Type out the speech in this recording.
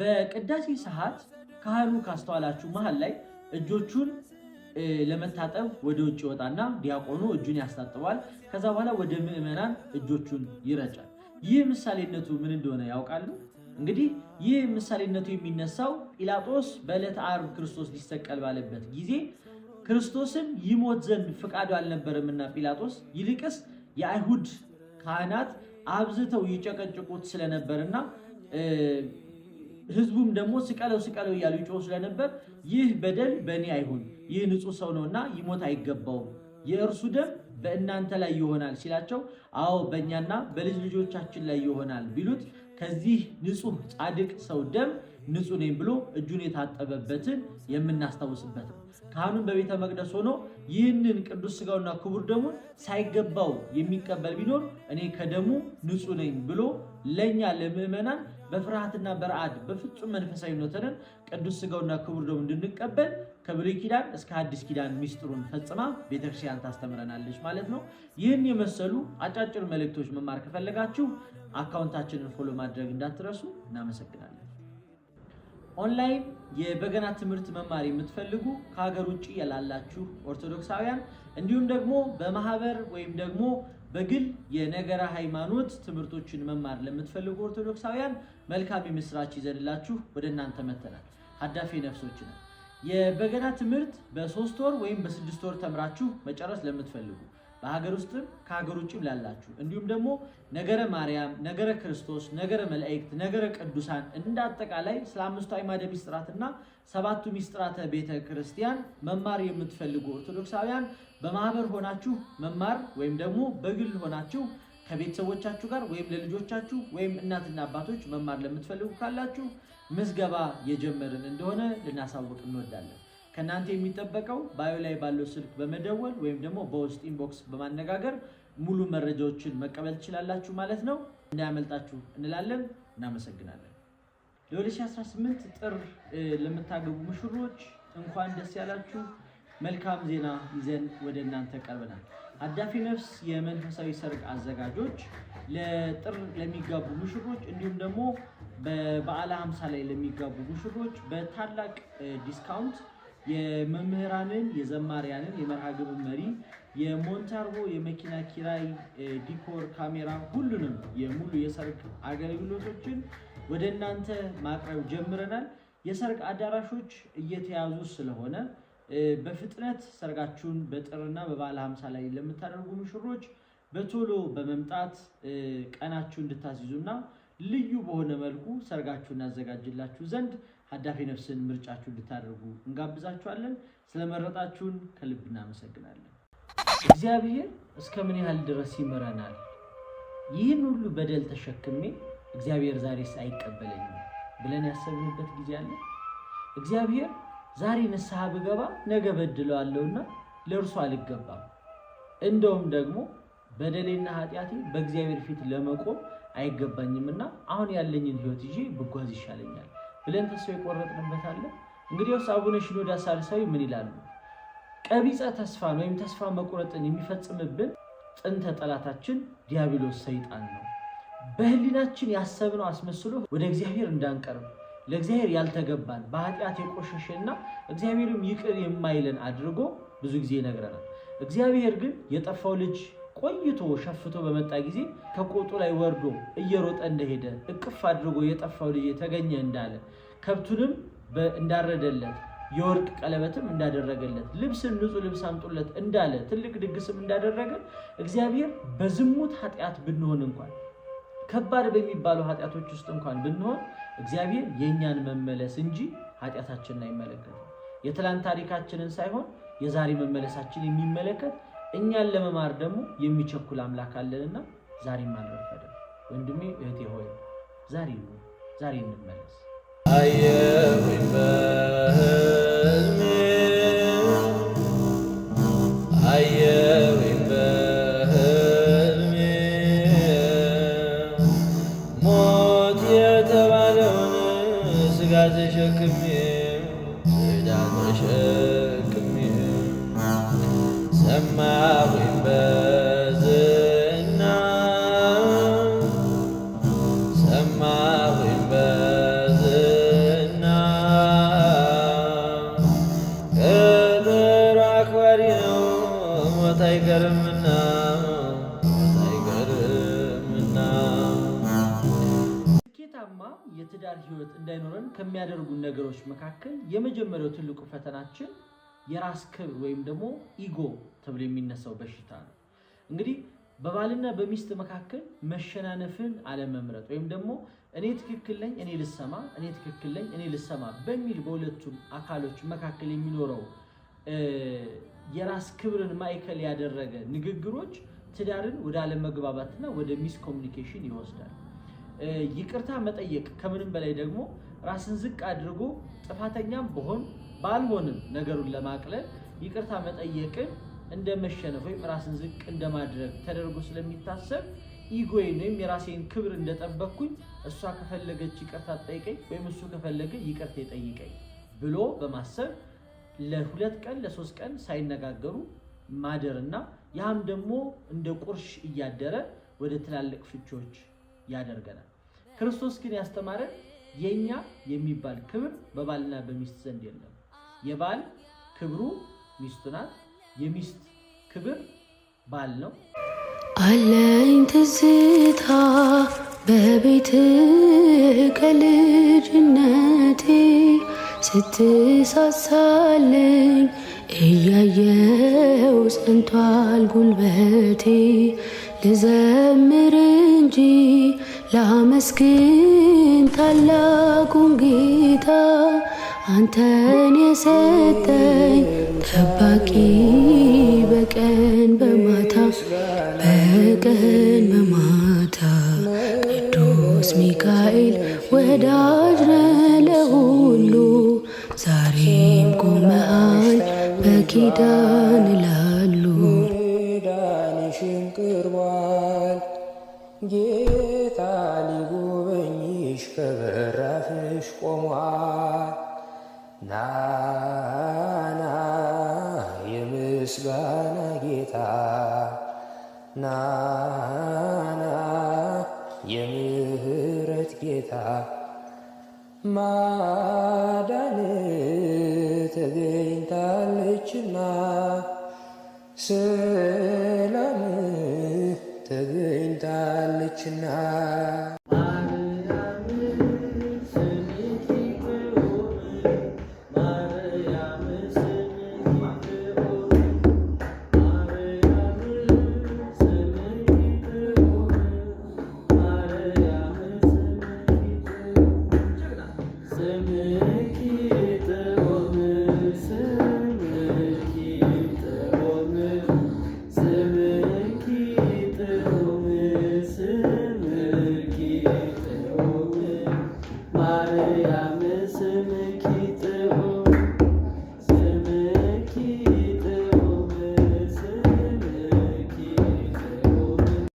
በቅዳሴ ሰዓት ካህኑ ካስተዋላችሁ መሃል ላይ እጆቹን ለመታጠብ ወደ ውጭ ይወጣና ዲያቆኑ እጁን ያስታጥባል። ከዛ በኋላ ወደ ምዕመናን እጆቹን ይረጫል። ይህ ምሳሌነቱ ምን እንደሆነ ያውቃሉ? እንግዲህ ይህ ምሳሌነቱ የሚነሳው ጲላጦስ በዕለተ ዓርብ ክርስቶስ ሊሰቀል ባለበት ጊዜ ክርስቶስን ይሞት ዘንድ ፍቃዱ አልነበረምና ጲላጦስ ይልቅስ የአይሁድ ካህናት አብዝተው ይጨቀጭቁት ስለነበርና ህዝቡም ደግሞ ስቀለው ስቀለው እያሉ ይጮህ ስለነበር ይህ በደል በእኔ አይሁን፣ ይህ ንጹህ ሰው ነውና ይሞት አይገባውም፣ የእርሱ ደም በእናንተ ላይ ይሆናል ሲላቸው፣ አዎ በእኛና በልጅ ልጆቻችን ላይ ይሆናል ቢሉት ከዚህ ንጹህ ጻድቅ ሰው ደም ንጹህ ነኝ ብሎ እጁን የታጠበበትን የምናስታውስበት ነው። ካህኑን በቤተ መቅደስ ሆኖ ይህንን ቅዱስ ስጋውና ክቡር ደሙን ሳይገባው የሚቀበል ቢኖር እኔ ከደሙ ንጹህ ነኝ ብሎ ለእኛ ለምዕመናን በፍርሃትና በረአድ በፍጹም መንፈሳዊነትን ቅዱስ ስጋውና ክቡር ደሙ እንድንቀበል ከብሉይ ኪዳን እስከ አዲስ ኪዳን ሚስጥሩን ፈጽማ ቤተክርስቲያን ታስተምረናለች ማለት ነው። ይህን የመሰሉ አጫጭር መልእክቶች መማር ከፈለጋችሁ አካውንታችንን ፎሎ ማድረግ እንዳትረሱ። እናመሰግናለን። ኦንላይን የበገና ትምህርት መማር የምትፈልጉ ከሀገር ውጭ ያላላችሁ ኦርቶዶክሳውያን እንዲሁም ደግሞ በማህበር ወይም ደግሞ በግል የነገረ ሃይማኖት ትምህርቶችን መማር ለምትፈልጉ ኦርቶዶክሳውያን መልካም የምስራች ይዘንላችሁ ወደ እናንተ መተናል። ሀዳፊ ነፍሶች ነው። የበገና ትምህርት በሶስት ወር ወይም በስድስት ወር ተምራችሁ መጨረስ ለምትፈልጉ በሀገር ውስጥም ከሀገር ውጭም ላላችሁ እንዲሁም ደግሞ ነገረ ማርያም፣ ነገረ ክርስቶስ፣ ነገረ መላእክት፣ ነገረ ቅዱሳን እንደ አጠቃላይ ስለ አምስቱ አዕማደ ምስጢራትና ሰባቱ ምስጢራተ ቤተ ክርስቲያን መማር የምትፈልጉ ኦርቶዶክሳውያን በማህበር ሆናችሁ መማር ወይም ደግሞ በግል ሆናችሁ ከቤተሰቦቻችሁ ጋር ወይም ለልጆቻችሁ ወይም እናትና አባቶች መማር ለምትፈልጉ ካላችሁ ምዝገባ የጀመርን እንደሆነ ልናሳውቅ እንወዳለን። ከእናንተ የሚጠበቀው ባዮ ላይ ባለው ስልክ በመደወል ወይም ደግሞ በውስጥ ኢንቦክስ በማነጋገር ሙሉ መረጃዎችን መቀበል ትችላላችሁ ማለት ነው። እንዳያመልጣችሁ እንላለን። እናመሰግናለን። ለ2018 ጥር ለምታገቡ ሙሽሮች እንኳን ደስ ያላችሁ። መልካም ዜና ይዘን ወደ እናንተ ቀርበናል። አዳፊ ነፍስ የመንፈሳዊ ሰርግ አዘጋጆች ለጥር ለሚጋቡ ሙሽሮች እንዲሁም ደግሞ በበዓለ ሀምሳ ላይ ለሚጋቡ ሙሽሮች በታላቅ ዲስካውንት የመምህራንን የዘማሪያንን የመርሃ ግብር መሪ የሞንታርቦ የመኪና ኪራይ ዲኮር ካሜራ ሁሉንም የሙሉ የሰርግ አገልግሎቶችን ወደ እናንተ ማቅረብ ጀምረናል። የሰርግ አዳራሾች እየተያዙ ስለሆነ በፍጥነት ሰርጋችሁን በጥርና በባለ ሀምሳ ላይ ለምታደርጉ ምሽሮች በቶሎ በመምጣት ቀናችሁ እንድታስይዙና ልዩ በሆነ መልኩ ሰርጋችሁ እናዘጋጅላችሁ ዘንድ አዳፊ ነፍስን ምርጫችሁ እንድታደርጉ እንጋብዛችኋለን። ስለመረጣችሁን ከልብ እናመሰግናለን። እግዚአብሔር እስከ ምን ያህል ድረስ ይምረናል? ይህን ሁሉ በደል ተሸክሜ እግዚአብሔር ዛሬስ አይቀበለኝም ብለን ያሰብንበት ጊዜ አለ። እግዚአብሔር ዛሬ ንስሐ ብገባ ነገ በድለዋለሁና ለእርሱ አልገባም። እንደውም ደግሞ በደሌና ኃጢአቴ በእግዚአብሔር ፊት ለመቆም አይገባኝምና አሁን ያለኝን ሕይወት ይዤ ብጓዝ ይሻለኛል ብለን ተስፋ የቆረጥንበት አለ። እንግዲህ አቡነ ሽኖዳ ሳልሳዊ ምን ይላሉ? ቀቢፀ ተስፋን ወይም ተስፋ መቁረጥን የሚፈጽምብን ጥንተ ጠላታችን ዲያብሎስ ሰይጣን ነው። በህሊናችን ያሰብነው አስመስሎ ወደ እግዚአብሔር እንዳንቀርብ ለእግዚአብሔር ያልተገባን በኃጢአት የቆሸሸና እግዚአብሔርም ይቅር የማይለን አድርጎ ብዙ ጊዜ ይነግረናል። እግዚአብሔር ግን የጠፋው ልጅ ቆይቶ ሸፍቶ በመጣ ጊዜ ከቆጡ ላይ ወርዶ እየሮጠ እንደሄደ እቅፍ አድርጎ የጠፋው ልጅ የተገኘ እንዳለ ከብቱንም እንዳረደለት የወርቅ ቀለበትም እንዳደረገለት ልብስን ንጹህ ልብስ አምጡለት እንዳለ ትልቅ ድግስም እንዳደረገ እግዚአብሔር በዝሙት ኃጢአት ብንሆን እንኳን ከባድ በሚባሉ ኃጢአቶች ውስጥ እንኳን ብንሆን እግዚአብሔር የእኛን መመለስ እንጂ ኃጢአታችንን አይመለከትም። የትላንት ታሪካችንን ሳይሆን የዛሬ መመለሳችን የሚመለከት እኛን ለመማር ደግሞ የሚቸኩል አምላክ አለንና ዛሬ አልረፈደም። ወንድሜ እህቴ ሆይ ዛሬ ነው፣ ዛሬ እንመለስ። አየሁኝ ተሸክሜ ሰማዊ በዝና ሰማዊ በዝና ክብር አክባሪ ነው ሞት አይቀርምና የትዳር ህይወት እንዳይኖረን ከሚያደርጉን ነገሮች መካከል የመጀመሪያው ትልቁ ፈተናችን የራስ ክብር ወይም ደግሞ ኢጎ ተብሎ የሚነሳው በሽታ ነው። እንግዲህ በባልና በሚስት መካከል መሸናነፍን አለመምረጥ ወይም ደግሞ እኔ ትክክል ነኝ፣ እኔ ልሰማ፣ እኔ ትክክል ነኝ፣ እኔ ልሰማ በሚል በሁለቱም አካሎች መካከል የሚኖረው የራስ ክብርን ማዕከል ያደረገ ንግግሮች ትዳርን ወደ አለመግባባትና ወደ ሚስ ኮሚኒኬሽን ይወስዳል። ይቅርታ መጠየቅ ከምንም በላይ ደግሞ ራስን ዝቅ አድርጎ ጥፋተኛም በሆን ባልሆንም ነገሩን ለማቅለል ይቅርታ መጠየቅን እንደ መሸነፍ ወይም ራስን ዝቅ እንደማድረግ ተደርጎ ስለሚታሰብ ኢጎዬን ወይም የራሴን ክብር እንደጠበቅኩኝ እሷ ከፈለገች ይቅርታ ጠይቀኝ ወይም እሱ ከፈለገ ይቅርታ ጠይቀኝ ብሎ በማሰብ ለሁለት ቀን ለሶስት ቀን ሳይነጋገሩ ማደርና ያም ደግሞ እንደ ቁርሽ እያደረ ወደ ትላልቅ ፍቾች ያደርገናል። ክርስቶስ ግን ያስተማረን የእኛ የሚባል ክብር በባልና በሚስት ዘንድ የለም። የባል ክብሩ ሚስቱ ናት። የሚስት ክብር ባል ነው። አለኝ ትዝታ በቤት ከልጅነቴ ስትሳሳልኝ እያየው ጸንቷል ጉልበቴ ልዘምር እንጂ ላመስግን ታላቁን ጌታ አንተን የሰጠኝ ጠባቂ በቀን በማታ በቀን በማታ ቅዱስ ሚካኤል ወዳጅ ነህ ዛሬም ቆመሃል በኪዳ ናና የምህረት ጌታ ማዳን ተገኝታለችና ሰላም ተገኝታለችና